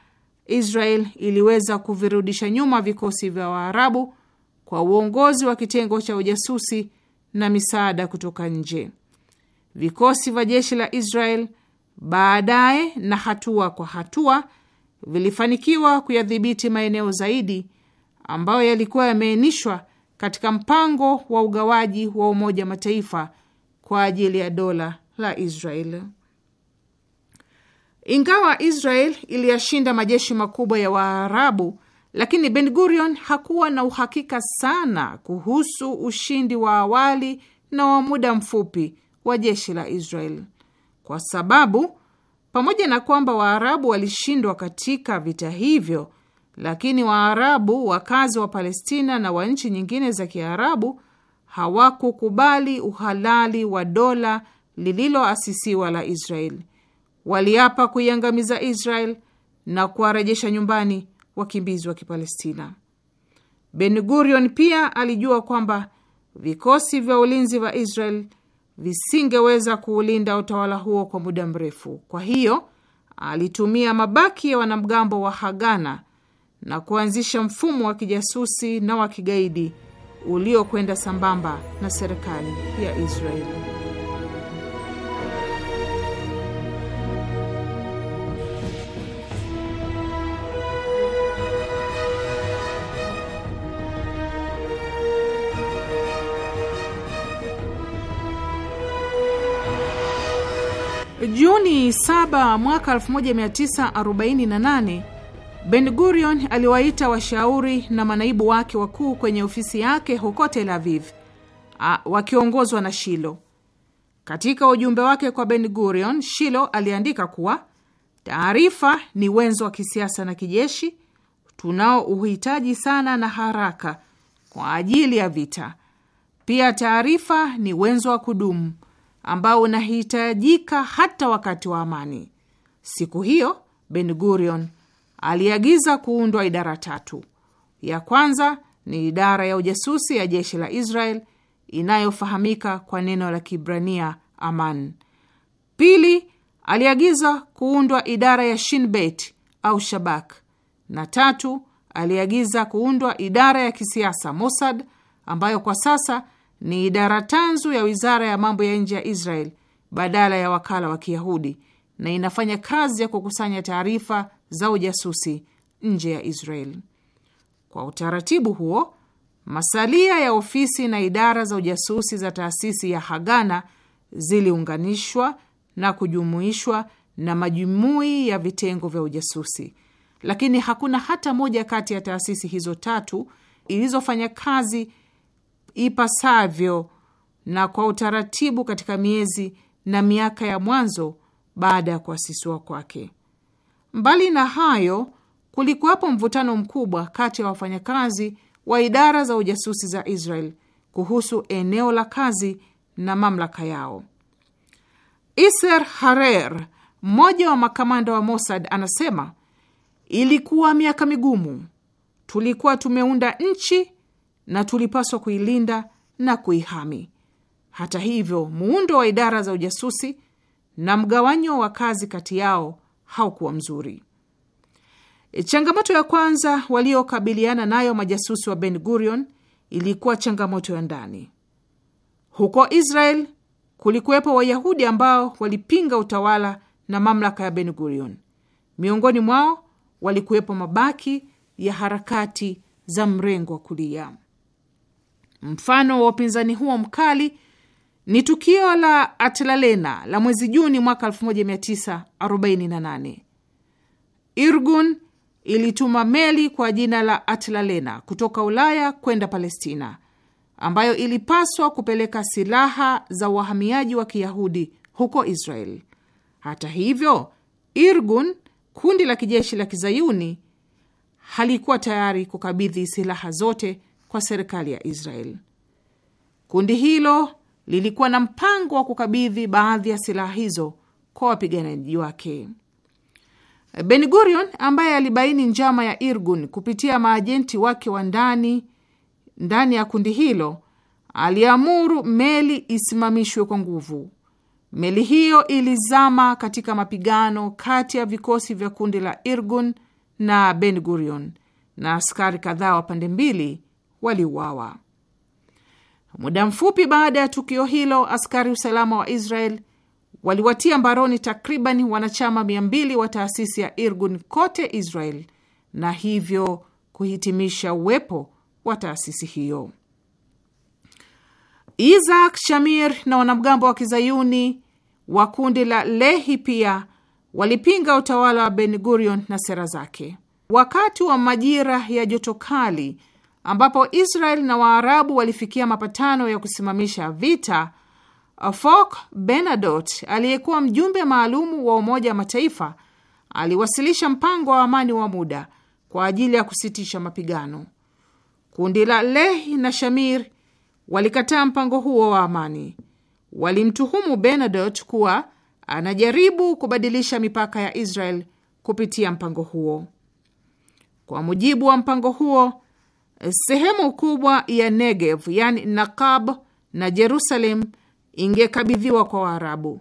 Israel iliweza kuvirudisha nyuma vikosi vya Waarabu kwa uongozi wa kitengo cha ujasusi na misaada kutoka nje. Vikosi vya jeshi la Israel baadaye na hatua kwa hatua vilifanikiwa kuyadhibiti maeneo zaidi ambayo yalikuwa yameainishwa katika mpango wa ugawaji wa Umoja Mataifa kwa ajili ya dola la Israel. Ingawa Israel iliyashinda majeshi makubwa ya Waarabu, lakini Ben Gurion hakuwa na uhakika sana kuhusu ushindi wa awali na wa muda mfupi wa jeshi la Israel kwa sababu pamoja na kwamba Waarabu walishindwa katika vita hivyo, lakini Waarabu wakazi wa Palestina na wa nchi nyingine za Kiarabu hawakukubali uhalali wa dola lililoasisiwa la Israeli. Waliapa kuiangamiza Israel na kuwarejesha nyumbani wakimbizi wa Kipalestina. Ben Gurion pia alijua kwamba vikosi vya ulinzi vya Israel visingeweza kuulinda utawala huo kwa muda mrefu. Kwa hiyo alitumia mabaki ya wanamgambo wa Hagana na kuanzisha mfumo wa kijasusi na wa kigaidi uliokwenda sambamba na serikali ya Israeli. Juni 7 mwaka 1948 Ben Gurion aliwaita washauri na manaibu wake wakuu kwenye ofisi yake huko Tel Aviv wakiongozwa na Shilo. Katika ujumbe wake kwa Ben Gurion, Shilo aliandika kuwa taarifa ni wenzo wa kisiasa na kijeshi tunao uhitaji sana na haraka kwa ajili ya vita. Pia taarifa ni wenzo wa kudumu ambao unahitajika hata wakati wa amani. Siku hiyo Ben Gurion aliagiza kuundwa idara tatu. Ya kwanza ni idara ya ujasusi ya jeshi la Israel inayofahamika kwa neno la Kibrania Aman. Pili, aliagiza kuundwa idara ya Shinbet au Shabak, na tatu, aliagiza kuundwa idara ya kisiasa Mossad ambayo kwa sasa ni idara tanzu ya wizara ya mambo ya nje ya Israel badala ya wakala wa Kiyahudi na inafanya kazi ya kukusanya taarifa za ujasusi nje ya Israel. Kwa utaratibu huo, masalia ya ofisi na idara za ujasusi za taasisi ya Hagana ziliunganishwa na kujumuishwa na majumui ya vitengo vya ujasusi, lakini hakuna hata moja kati ya taasisi hizo tatu ilizofanya kazi ipasavyo na kwa utaratibu katika miezi na miaka ya mwanzo baada ya kuasisiwa kwake. Mbali na hayo, kulikuwapo mvutano mkubwa kati ya wafanyakazi wa idara za ujasusi za Israel kuhusu eneo la kazi na mamlaka yao. Iser Harer, mmoja wa makamanda wa Mossad, anasema ilikuwa miaka migumu. Tulikuwa tumeunda nchi na tulipaswa kuilinda na kuihami. Hata hivyo, muundo wa idara za ujasusi na mgawanyo wa kazi kati yao haukuwa mzuri. E, changamoto ya kwanza waliokabiliana nayo majasusi wa Ben Gurion ilikuwa changamoto ya ndani. Huko Israel kulikuwepo Wayahudi ambao walipinga utawala na mamlaka ya Ben Gurion. Miongoni mwao walikuwepo mabaki ya harakati za mrengo wa kulia. Mfano wa upinzani huo mkali ni tukio la Atlalena la mwezi Juni mwaka 1948. Irgun ilituma meli kwa jina la Atlalena kutoka Ulaya kwenda Palestina, ambayo ilipaswa kupeleka silaha za wahamiaji wa Kiyahudi huko Israel. Hata hivyo, Irgun, kundi la kijeshi la Kizayuni, halikuwa tayari kukabidhi silaha zote kwa serikali ya Israel. Kundi hilo lilikuwa na mpango wa kukabidhi baadhi ya silaha hizo kwa wapiganaji wake. Ben Gurion ambaye alibaini njama ya Irgun kupitia maajenti wake wa ndani ndani ya kundi hilo aliamuru meli isimamishwe kwa nguvu. Meli hiyo ilizama katika mapigano kati ya vikosi vya kundi la Irgun na Ben Gurion, na askari kadhaa wa pande mbili waliuawa. Muda mfupi baada ya tukio hilo, askari usalama wa Israel waliwatia mbaroni takriban wanachama 200 wa taasisi ya Irgun kote Israel na hivyo kuhitimisha uwepo wa taasisi hiyo. Isaac Shamir na wanamgambo wa kizayuni wa kundi la Lehi pia walipinga utawala wa Ben Gurion na sera zake. Wakati wa majira ya joto kali ambapo Israel na Waarabu walifikia mapatano ya kusimamisha vita, Falk Benadot aliyekuwa mjumbe maalumu wa Umoja wa Mataifa aliwasilisha mpango wa amani wa muda kwa ajili ya kusitisha mapigano. Kundi la Lehi na Shamir walikataa mpango huo wa amani. Walimtuhumu Benadot kuwa anajaribu kubadilisha mipaka ya Israel kupitia mpango huo. Kwa mujibu wa mpango huo, sehemu kubwa ya Negev yani Nakab na Jerusalem ingekabidhiwa kwa Waarabu.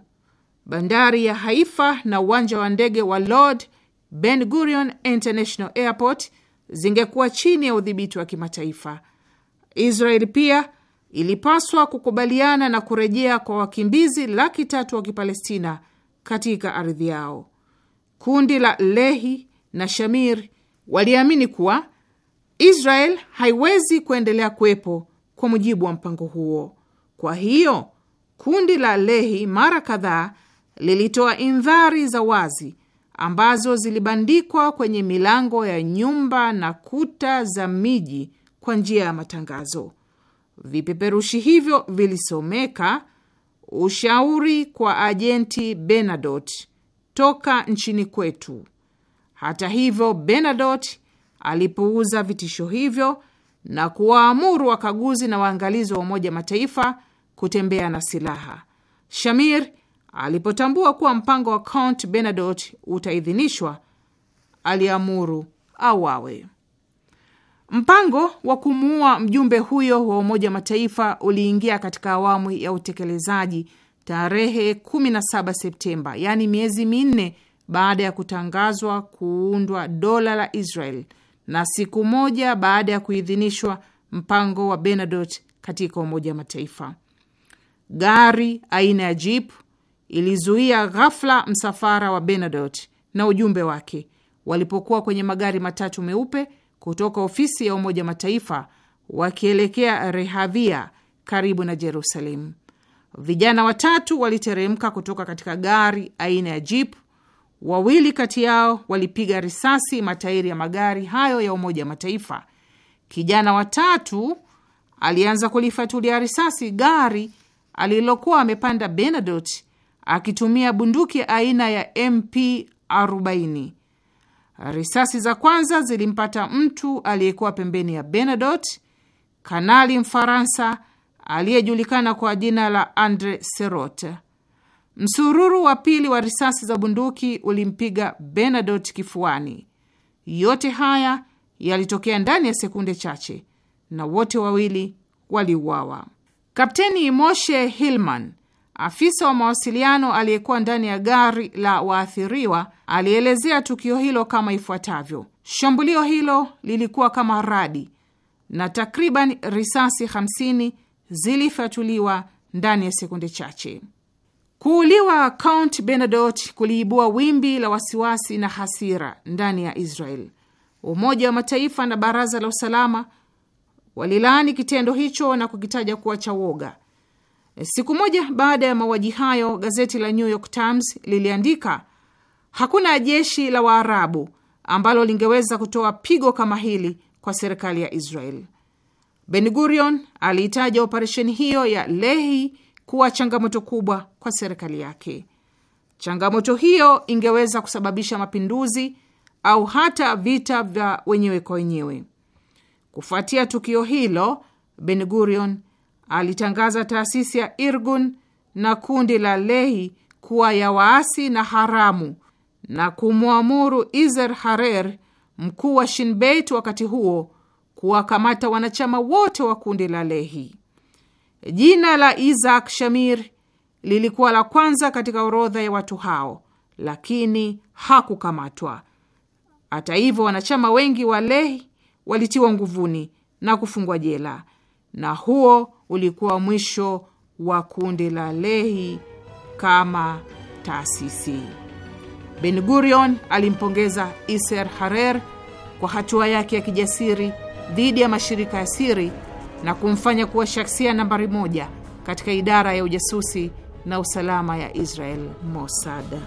Bandari ya Haifa na uwanja wa ndege wa Lord Ben Gurion International Airport zingekuwa chini ya udhibiti wa kimataifa. Israeli pia ilipaswa kukubaliana na kurejea kwa wakimbizi laki tatu wa Kipalestina katika ardhi yao. Kundi la Lehi na Shamir waliamini kuwa Israel haiwezi kuendelea kuwepo kwa mujibu wa mpango huo. Kwa hiyo kundi la Lehi mara kadhaa lilitoa indhari za wazi ambazo zilibandikwa kwenye milango ya nyumba na kuta za miji kwa njia ya matangazo. Vipeperushi hivyo vilisomeka ushauri kwa ajenti Bernadotte toka nchini kwetu. Hata hivyo, Bernadotte alipuuza vitisho hivyo na kuwaamuru wakaguzi na waangalizi wa Umoja Mataifa kutembea na silaha. Shamir alipotambua kuwa mpango wa Count Bernadotte utaidhinishwa, aliamuru auawe. Mpango wa kumuua mjumbe huyo wa Umoja Mataifa uliingia katika awamu ya utekelezaji tarehe 17 Septemba, yaani miezi minne baada ya kutangazwa kuundwa dola la Israel na siku moja baada ya kuidhinishwa mpango wa Bernadotte katika Umoja wa Mataifa. Gari aina ya jeep ilizuia ghafla msafara wa Bernadotte na ujumbe wake walipokuwa kwenye magari matatu meupe kutoka ofisi ya Umoja wa Mataifa wakielekea Rehavia karibu na Jerusalemu. Vijana watatu waliteremka kutoka katika gari aina ya jeep Wawili kati yao walipiga risasi matairi ya magari hayo ya Umoja wa Mataifa. Kijana watatu alianza kulifatulia risasi gari alilokuwa amepanda benadot akitumia bunduki aina ya MP40. Risasi za kwanza zilimpata mtu aliyekuwa pembeni ya benadot kanali Mfaransa aliyejulikana kwa jina la Andre Serot. Msururu wa pili wa risasi za bunduki ulimpiga Bernadotte kifuani. Yote haya yalitokea ndani ya sekunde chache na wote wawili waliuawa. Kapteni Moshe Hillman, afisa wa mawasiliano aliyekuwa ndani ya gari la waathiriwa, alielezea tukio hilo kama ifuatavyo: shambulio hilo lilikuwa kama radi na takriban risasi 50 zilifyatuliwa ndani ya sekunde chache. Kuuliwa Count Bernadotte kuliibua wimbi la wasiwasi na hasira ndani ya Israel. Umoja wa Mataifa na Baraza la Usalama walilaani kitendo hicho na kukitaja kuwa cha woga. Siku moja baada ya mauaji hayo, gazeti la New York Times liliandika, hakuna jeshi la Waarabu ambalo lingeweza kutoa pigo kama hili kwa serikali ya Israel. Ben Gurion aliitaja operesheni hiyo ya Lehi kuwa changamoto kubwa kwa serikali yake. Changamoto hiyo ingeweza kusababisha mapinduzi au hata vita vya wenyewe kwa wenyewe. Kufuatia tukio hilo, Ben Gurion alitangaza taasisi ya Irgun na kundi la Lehi kuwa ya waasi na haramu na kumwamuru Izer Harer, mkuu wa Shinbet wakati huo, kuwakamata wanachama wote wa kundi la Lehi. Jina la Isaac Shamir lilikuwa la kwanza katika orodha ya watu hao, lakini hakukamatwa. Hata hivyo, wanachama wengi wa Lehi walitiwa nguvuni na kufungwa jela, na huo ulikuwa mwisho wa kundi la Lehi kama taasisi. Ben Gurion alimpongeza Iser Harer kwa hatua yake ya kijasiri dhidi ya mashirika ya siri na kumfanya kuwa shaksia nambari moja katika idara ya ujasusi na usalama ya Israel Mossad.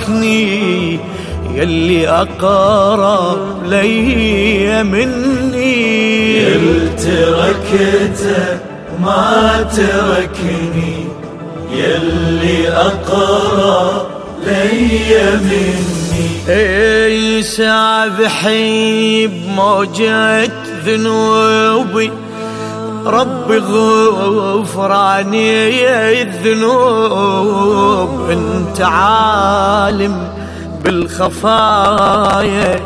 تركني يلي أقرب لي مني يلي تركته ما تركني يلي أقرب لي مني اي حيب موجة ذنوب بغفران الذنوب انت عالم بالخفايا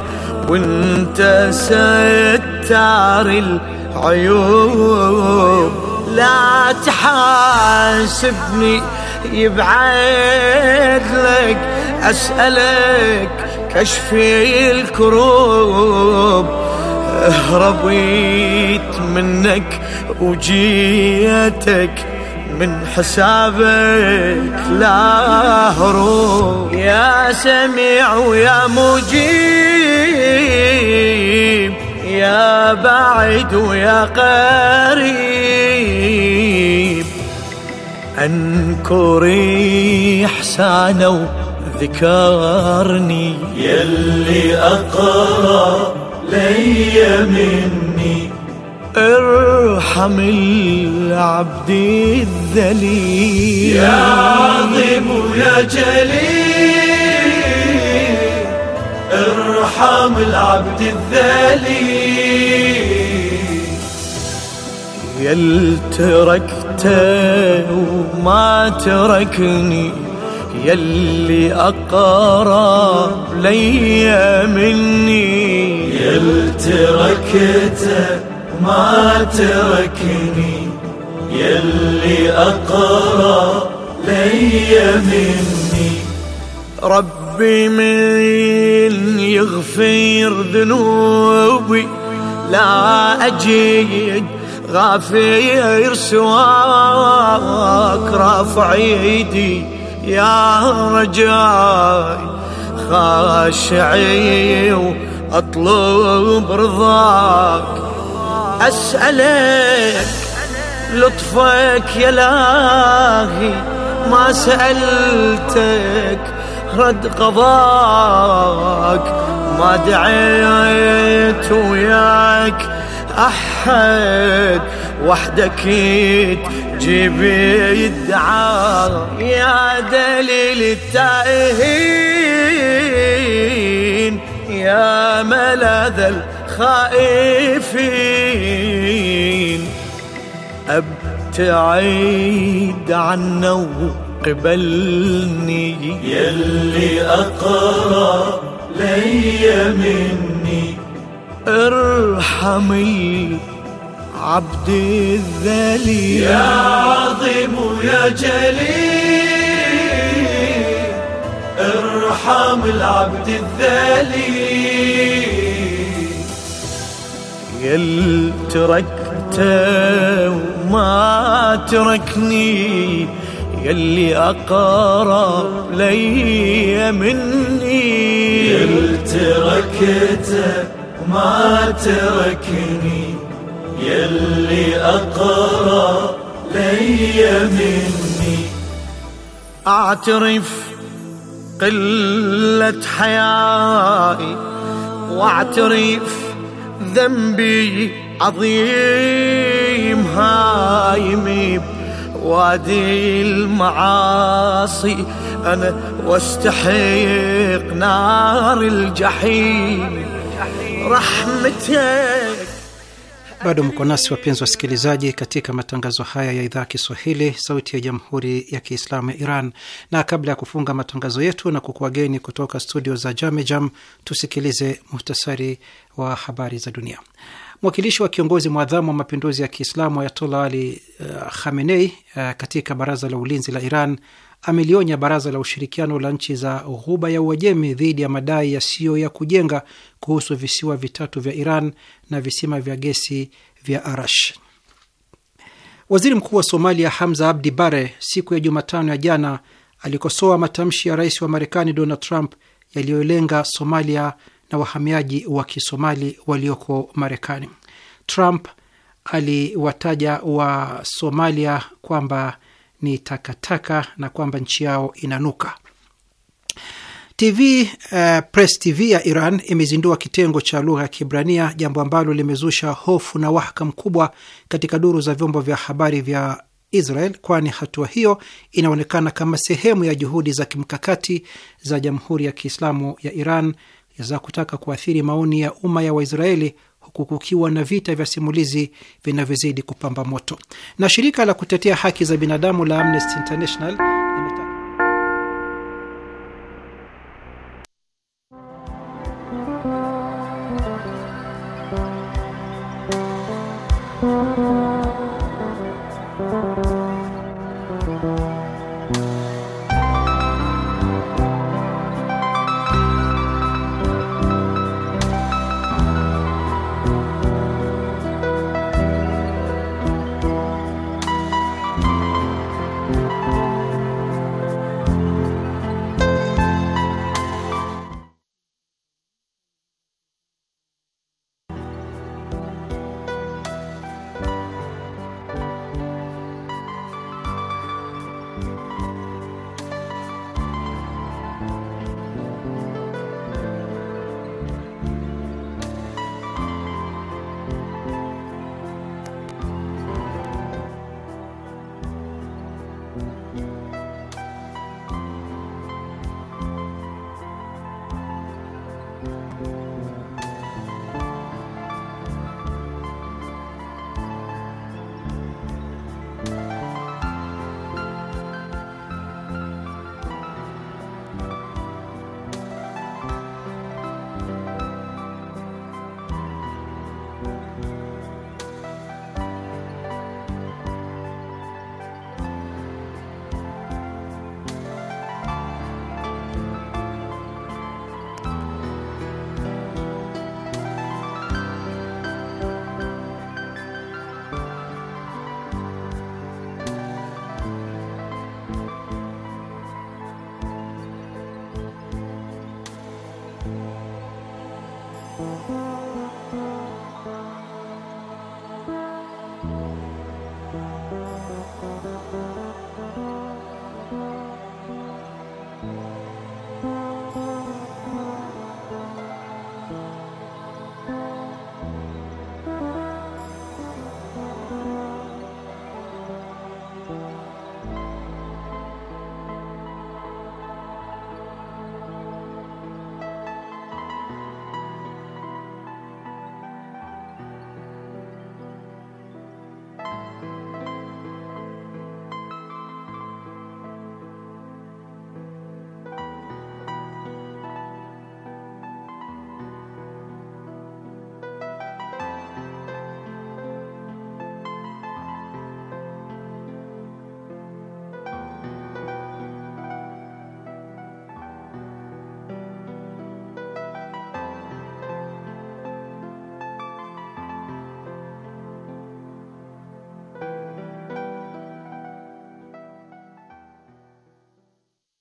وانت ستار العيوب لا تحاسبني يبعد لك أسألك كشف الكروب هربيت منك وجيتك من حسابك لا هروب يا سميع ويا مجيب يا بعيد ويا قريب انكري احسانه وذكرني يلي اقرب لي مني ارحم العبد الذليل يا عظيم يا جليل ارحم العبد الذليل يل تركت وما تركني يلي أقرب ليا مني يل تركته ما تركني يلي أقرب ليا مني ربي من يغفر ذنوبي لا أجيد غافير سواك رافع يدي يا رجاي خاشعي واطلب رضاك اسالك لطفك يا لاهي ما سالتك رد قضاك ما دعيت وياك احد وحدك تجيب يدعى يا دليل التائهين يا ملاذ الخائفين ابتعد عنا وقبلني يلي أقرب لي مني ارحمي عبدي الذليل يا عظيم يا جليل ارحم العبد الذليل يل تركته وما تركني يلي أقرب لي مني يل تركته وما تركني يلي أقرى لي مني أعترف قلة حيائي واعترف ذنبي عظيم هايمي وادي المعاصي أنا واستحق نار الجحيم رحمتك Bado mko nasi wapenzi wasikilizaji, katika matangazo haya ya idhaa ya Kiswahili, sauti ya jamhuri ya kiislamu ya Iran. Na kabla ya kufunga matangazo yetu na kukuwageni kutoka studio za Jamejam, tusikilize muhtasari wa habari za dunia. Mwakilishi wa kiongozi mwadhamu wa mapinduzi ya Kiislamu Ayatollah Ali uh, Khamenei uh, katika baraza la ulinzi la Iran amelionya baraza la ushirikiano la nchi za Ghuba ya Uajemi dhidi ya madai yasiyo ya kujenga kuhusu visiwa vitatu vya Iran na visima vya gesi vya Arash. Waziri mkuu wa Somalia Hamza Abdi Bare siku ya Jumatano ya jana alikosoa matamshi ya rais wa Marekani Donald Trump yaliyolenga Somalia na wahamiaji wa Kisomali walioko Marekani. Trump aliwataja wa Somalia kwamba ni takataka na kwamba nchi yao inanuka. TV uh, eh, Press TV ya Iran imezindua kitengo cha lugha ya Kibrania, jambo ambalo limezusha hofu na wahaka mkubwa katika duru za vyombo vya habari vya Israel, kwani hatua hiyo inaonekana kama sehemu ya juhudi za kimkakati za Jamhuri ya Kiislamu ya Iran za kutaka kuathiri maoni ya umma ya Waisraeli huku kukiwa na vita vya simulizi vinavyozidi kupamba moto. Na shirika la kutetea haki za binadamu la Amnesty International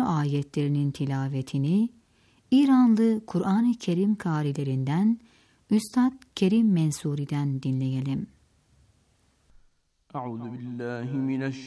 ayetlerinin tilavetini İranlı Kur'an-ı Kerim karilerinden Üstad Kerim Mensuri'den dinleyelim. Euzu billahi